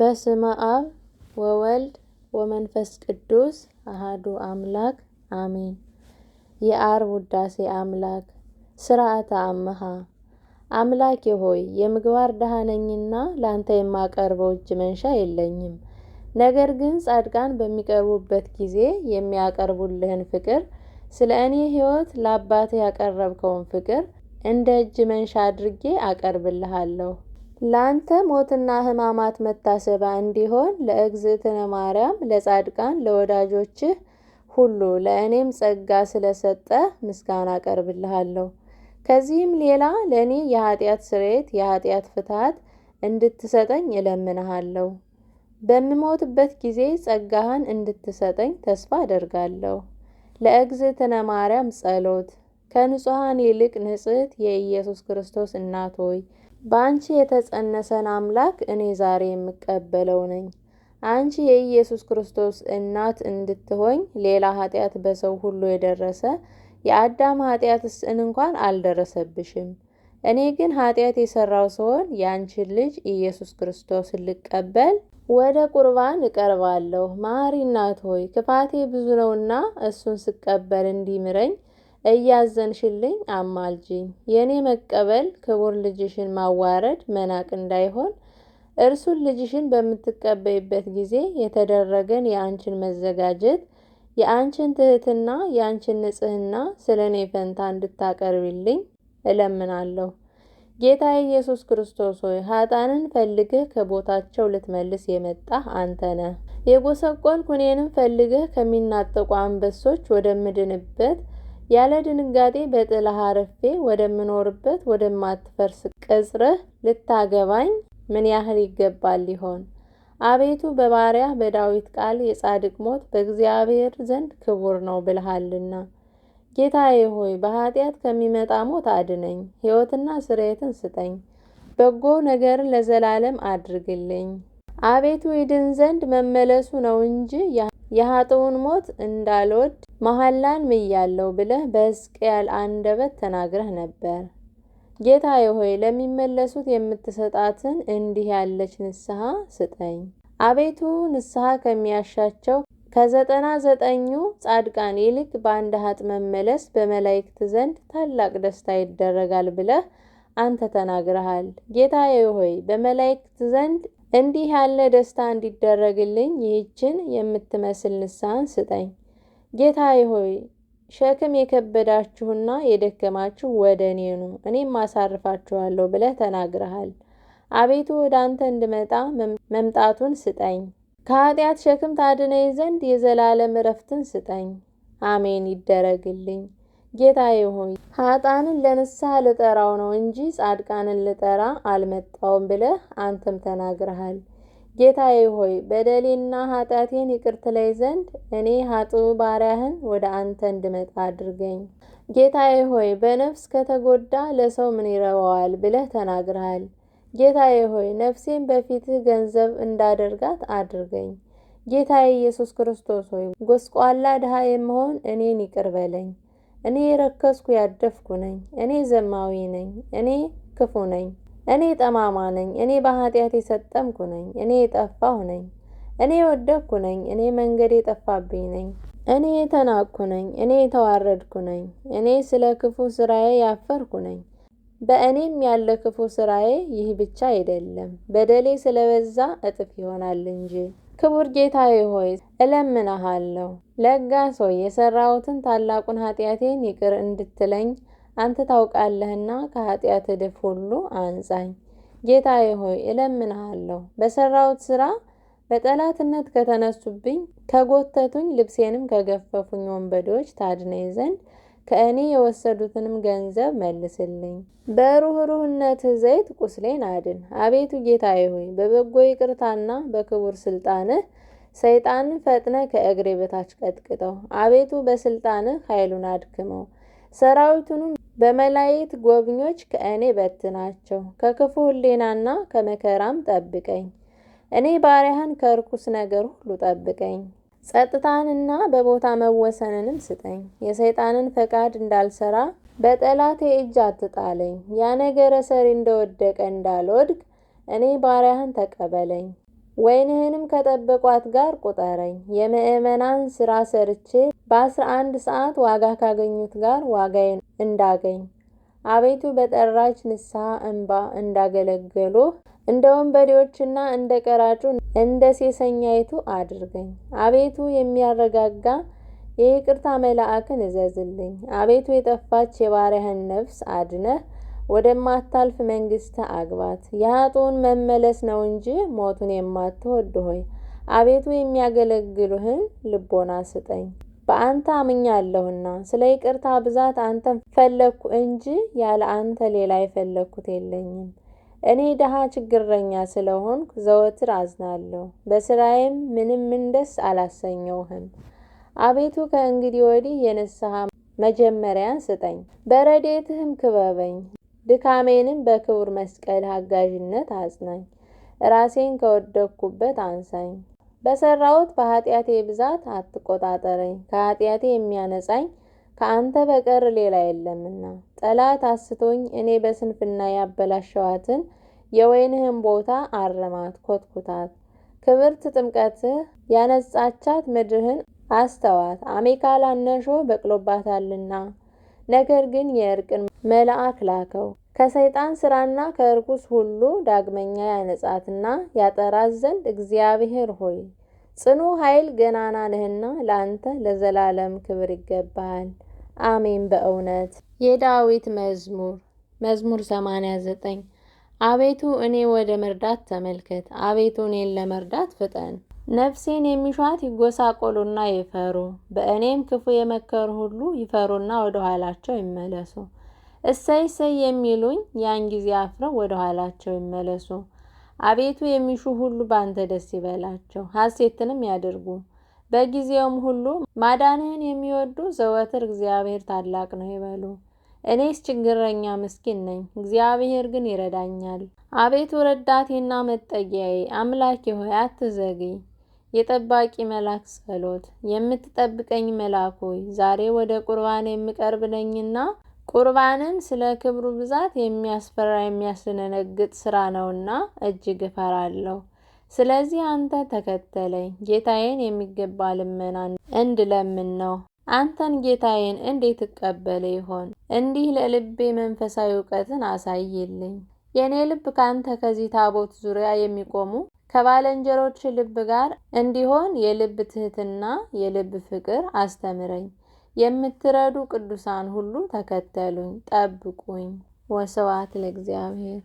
በስመ አብ ወወልድ ወመንፈስ ቅዱስ አህዱ አምላክ አሜን። የዓርብ ውዳሴ አምላክ ስርዓተ አምሃ አምላኬ ሆይ የምግባር ድሃ ነኝና ለአንተ የማቀርበው እጅ መንሻ የለኝም። ነገር ግን ጻድቃን በሚቀርቡበት ጊዜ የሚያቀርቡልህን ፍቅር፣ ስለ እኔ ሕይወት ለአባትህ ያቀረብከውን ፍቅር እንደ እጅ መንሻ አድርጌ አቀርብልሃለሁ። ላንተ ሞትና ሕማማት መታሰቢያ እንዲሆን ለእግዝእትነ ማርያም ለጻድቃን ለወዳጆችህ ሁሉ ለእኔም ጸጋ ስለሰጠ ምስጋና አቀርብልሃለሁ። ከዚህም ሌላ ለእኔ የኃጢአት ስርየት የኃጢአት ፍትሐት እንድትሰጠኝ እለምንሃለሁ። በምሞትበት ጊዜ ጸጋህን እንድትሰጠኝ ተስፋ አደርጋለሁ። ለእግዝእትነ ማርያም ጸሎት ከንጹሐን ይልቅ ንጽሕት የኢየሱስ ክርስቶስ እናት ሆይ በአንቺ የተጸነሰን አምላክ እኔ ዛሬ የምቀበለው ነኝ። አንቺ የኢየሱስ ክርስቶስ እናት እንድትሆኝ ሌላ ኃጢአት በሰው ሁሉ የደረሰ የአዳም ኃጢአትስ እንኳን አልደረሰብሽም። እኔ ግን ኃጢአት የሰራው ስሆን የአንቺን ልጅ ኢየሱስ ክርስቶስን ልቀበል ወደ ቁርባን እቀርባለሁ። መሐሪ እናት ሆይ ክፋቴ ብዙ ነውና እሱን ስቀበል እንዲምረኝ እያዘንሽልኝ አማልጂኝ። የእኔ መቀበል ክቡር ልጅሽን ማዋረድ መናቅ እንዳይሆን እርሱን ልጅሽን በምትቀበይበት ጊዜ የተደረገን የአንችን መዘጋጀት፣ የአንችን ትህትና፣ የአንችን ንጽህና ስለ እኔ ፈንታ እንድታቀርብልኝ እለምናለሁ። ጌታ ኢየሱስ ክርስቶስ ሆይ ሀጣንን ፈልገህ ከቦታቸው ልትመልስ የመጣህ አንተ ነህ። የጎሰቆልኩ እኔንም ከሚናጠቁ አንበሶች ወደምድንበት ያለ ድንጋጤ በጥላህ አርፌ ወደምኖርበት ወደማትፈርስ ቅጽርህ ልታገባኝ ምን ያህል ይገባል ሊሆን? አቤቱ በባሪያህ በዳዊት ቃል የጻድቅ ሞት በእግዚአብሔር ዘንድ ክቡር ነው ብልሃልና። ጌታዬ ሆይ በኃጢአት ከሚመጣ ሞት አድነኝ፣ ሕይወትና ስርየትን ስጠኝ፣ በጎ ነገርን ለዘላለም አድርግልኝ። አቤቱ ይድን ዘንድ መመለሱ ነው እንጂ የሀጥውን ሞት እንዳልወድ መሐላን ምያለው ብለህ በሕዝቅኤል አንደበት ተናግረህ ነበር። ጌታዬ ሆይ ለሚመለሱት የምትሰጣትን እንዲህ ያለች ንስሐ ስጠኝ። አቤቱ ንስሐ ከሚያሻቸው ከዘጠና ዘጠኙ ጻድቃን ይልቅ በአንድ ሀጥ መመለስ በመላእክት ዘንድ ታላቅ ደስታ ይደረጋል ብለህ አንተ ተናግረሃል። ጌታዬ ሆይ በመላእክት ዘንድ እንዲህ ያለ ደስታ እንዲደረግልኝ ይህችን የምትመስል ንስሐን ስጠኝ። ጌታዬ ሆይ ሸክም የከበዳችሁና የደከማችሁ ወደ እኔ ኑ፣ እኔም አሳርፋችኋለሁ ብለህ ተናግረሃል። አቤቱ ወደ አንተ እንድመጣ መምጣቱን ስጠኝ። ከኃጢአት ሸክም ታድነኝ ዘንድ የዘላለም እረፍትን ስጠኝ። አሜን ይደረግልኝ። ጌታዬ ሆይ ኃጣንን ለንስሐ ልጠራው ነው እንጂ ጻድቃንን ልጠራ አልመጣውም ብለህ አንተም ተናግረሃል። ጌታዬ ሆይ በደሌና ኃጢአቴን ይቅር ላይ ዘንድ እኔ ኃጥኡ ባሪያህን ወደ አንተ እንድመጣ አድርገኝ። ጌታዬ ሆይ በነፍስ ከተጎዳ ለሰው ምን ይረባዋል ብለህ ተናግረሃል። ጌታዬ ሆይ ነፍሴን በፊትህ ገንዘብ እንዳደርጋት አድርገኝ። ጌታዬ ኢየሱስ ክርስቶስ ሆይ ጎስቋላ ድሃ የምሆን እኔን ይቅር በለኝ። እኔ የረከስኩ ያደፍኩ ነኝ፣ እኔ ዘማዊ ነኝ፣ እኔ ክፉ ነኝ፣ እኔ ጠማማ ነኝ፣ እኔ በኃጢአት የሰጠምኩ ነኝ፣ እኔ የጠፋሁ ነኝ፣ እኔ የወደኩ ነኝ፣ እኔ መንገድ የጠፋብኝ ነኝ፣ እኔ የተናቅኩ ነኝ፣ እኔ የተዋረድኩ ነኝ፣ እኔ ስለ ክፉ ስራዬ ያፈርኩ ነኝ። በእኔም ያለ ክፉ ስራዬ ይህ ብቻ አይደለም፣ በደሌ ስለበዛ እጥፍ ይሆናል እንጂ ክቡር ጌታዬ ሆይ እለምንሃለሁ፣ ለጋስ ሆይ የሰራሁትን ታላቁን ኃጢአቴን ይቅር እንድትለኝ አንተ ታውቃለህና ከኃጢአት እድፍ ሁሉ አንጻኝ። ጌታዬ ሆይ እለምንሃለሁ፣ በሰራሁት ስራ በጠላትነት ከተነሱብኝ፣ ከጎተቱኝ፣ ልብሴንም ከገፈፉኝ ወንበዴዎች ታድነኝ ዘንድ ከእኔ የወሰዱትንም ገንዘብ መልስልኝ። በሩህሩህነት ዘይት ቁስሌን አድን። አቤቱ ጌታዬ ሆይ በበጎ ይቅርታና በክቡር ስልጣንህ ሰይጣንን ፈጥነ ከእግሬ በታች ቀጥቅጠው። አቤቱ በስልጣንህ ኃይሉን አድክመው፣ ሰራዊቱንም በመላይት ጎብኞች ከእኔ በትናቸው። ከክፉ ሕሊናና ከመከራም ጠብቀኝ። እኔ ባሪያህን ከርኩስ ነገር ሁሉ ጠብቀኝ። ጸጥታንና በቦታ መወሰንንም ስጠኝ። የሰይጣንን ፈቃድ እንዳልሰራ በጠላቴ እጅ አትጣለኝ። ያነገረ ሰሪ እንደወደቀ እንዳልወድቅ እኔ ባሪያህን ተቀበለኝ። ወይንህንም ከጠበቋት ጋር ቁጠረኝ። የምዕመናን ስራ ሰርቼ በአስራ አንድ ሰዓት ዋጋ ካገኙት ጋር ዋጋዬን እንዳገኝ አቤቱ በጠራች ንስሐ እንባ እንዳገለገሉህ እንደ ወንበዴዎችና እንደ ቀራጩ እንደ ሴሰኛይቱ አድርገኝ። አቤቱ የሚያረጋጋ የይቅርታ መልአክን እዘዝልኝ። አቤቱ የጠፋች የባሪያህን ነፍስ አድነህ ወደማታልፍ መንግስት አግባት። የአጡን መመለስ ነው እንጂ ሞቱን የማትወድ ሆይ አቤቱ የሚያገለግሉህን ልቦና ስጠኝ። በአንተ አምኛለሁና ስለ ይቅርታ ብዛት አንተን ፈለግኩ እንጂ ያለ አንተ ሌላ የፈለግኩት የለኝም። እኔ ድሃ ችግረኛ ስለሆንኩ ዘወትር አዝናለሁ፣ በስራዬም ምንም ምን ደስ አላሰኘውህም። አቤቱ ከእንግዲህ ወዲህ የንስሐ መጀመሪያን ስጠኝ፣ በረዴትህም ክበበኝ፣ ድካሜንም በክቡር መስቀል አጋዥነት አጽናኝ። ራሴን ከወደኩበት አንሳኝ፣ በሰራሁት በኃጢአቴ ብዛት አትቆጣጠረኝ። ከኃጢአቴ የሚያነጻኝ ከአንተ በቀር ሌላ የለምና ጠላት አስቶኝ እኔ በስንፍና ያበላሸዋትን የወይንህን ቦታ አረማት፣ ኮትኩታት። ክብርት ጥምቀትህ ያነጻቻት ምድርህን አስተዋት፣ አሜካላ ነሾ በቅሎባታልና። ነገር ግን የእርቅን መልአክ ላከው ከሰይጣን ስራና ከእርኩስ ሁሉ ዳግመኛ ያነጻትና ያጠራት ዘንድ። እግዚአብሔር ሆይ ጽኑ ኃይል ገናና ነህና ለአንተ ለዘላለም ክብር ይገባሃል። አሜን። በእውነት የዳዊት መዝሙር መዝሙር 89 አቤቱ እኔ ወደ መርዳት ተመልከት፣ አቤቱ እኔን ለመርዳት ፍጠን። ነፍሴን የሚሿት ይጎሳቆሉና ይፈሩ፣ በእኔም ክፉ የመከሩ ሁሉ ይፈሩና ወደ ኋላቸው ይመለሱ። እሰይ እሰይ የሚሉኝ ያን ጊዜ አፍረው ወደ ኋላቸው ይመለሱ። አቤቱ የሚሹ ሁሉ ባንተ ደስ ይበላቸው፣ ሐሴትንም ያድርጉ። በጊዜውም ሁሉ ማዳንህን የሚወዱ ዘወትር እግዚአብሔር ታላቅ ነው ይበሉ። እኔስ ችግረኛ ምስኪን ነኝ፣ እግዚአብሔር ግን ይረዳኛል። አቤቱ ረዳቴና መጠጊያዬ አምላኬ ሆይ አትዘግይ። የጠባቂ መልአክ ጸሎት። የምትጠብቀኝ መልአክ ሆይ ዛሬ ወደ ቁርባን የምቀርብ ነኝና ቁርባንን ስለ ክብሩ ብዛት የሚያስፈራ የሚያስደነግጥ ስራ ነውና እጅግ እፈራለሁ። ስለዚህ አንተ ተከተለኝ፣ ጌታዬን የሚገባ ልመና እንድለምን ነው። አንተን ጌታዬን እንዴት እቀበለ ይሆን? እንዲህ ለልቤ መንፈሳዊ እውቀትን አሳይልኝ። የእኔ ልብ ካንተ ከዚህ ታቦት ዙሪያ የሚቆሙ ከባለንጀሮች ልብ ጋር እንዲሆን የልብ ትህትና፣ የልብ ፍቅር አስተምረኝ። የምትረዱ ቅዱሳን ሁሉ ተከተሉኝ፣ ጠብቁኝ። ወስብሐት ለእግዚአብሔር።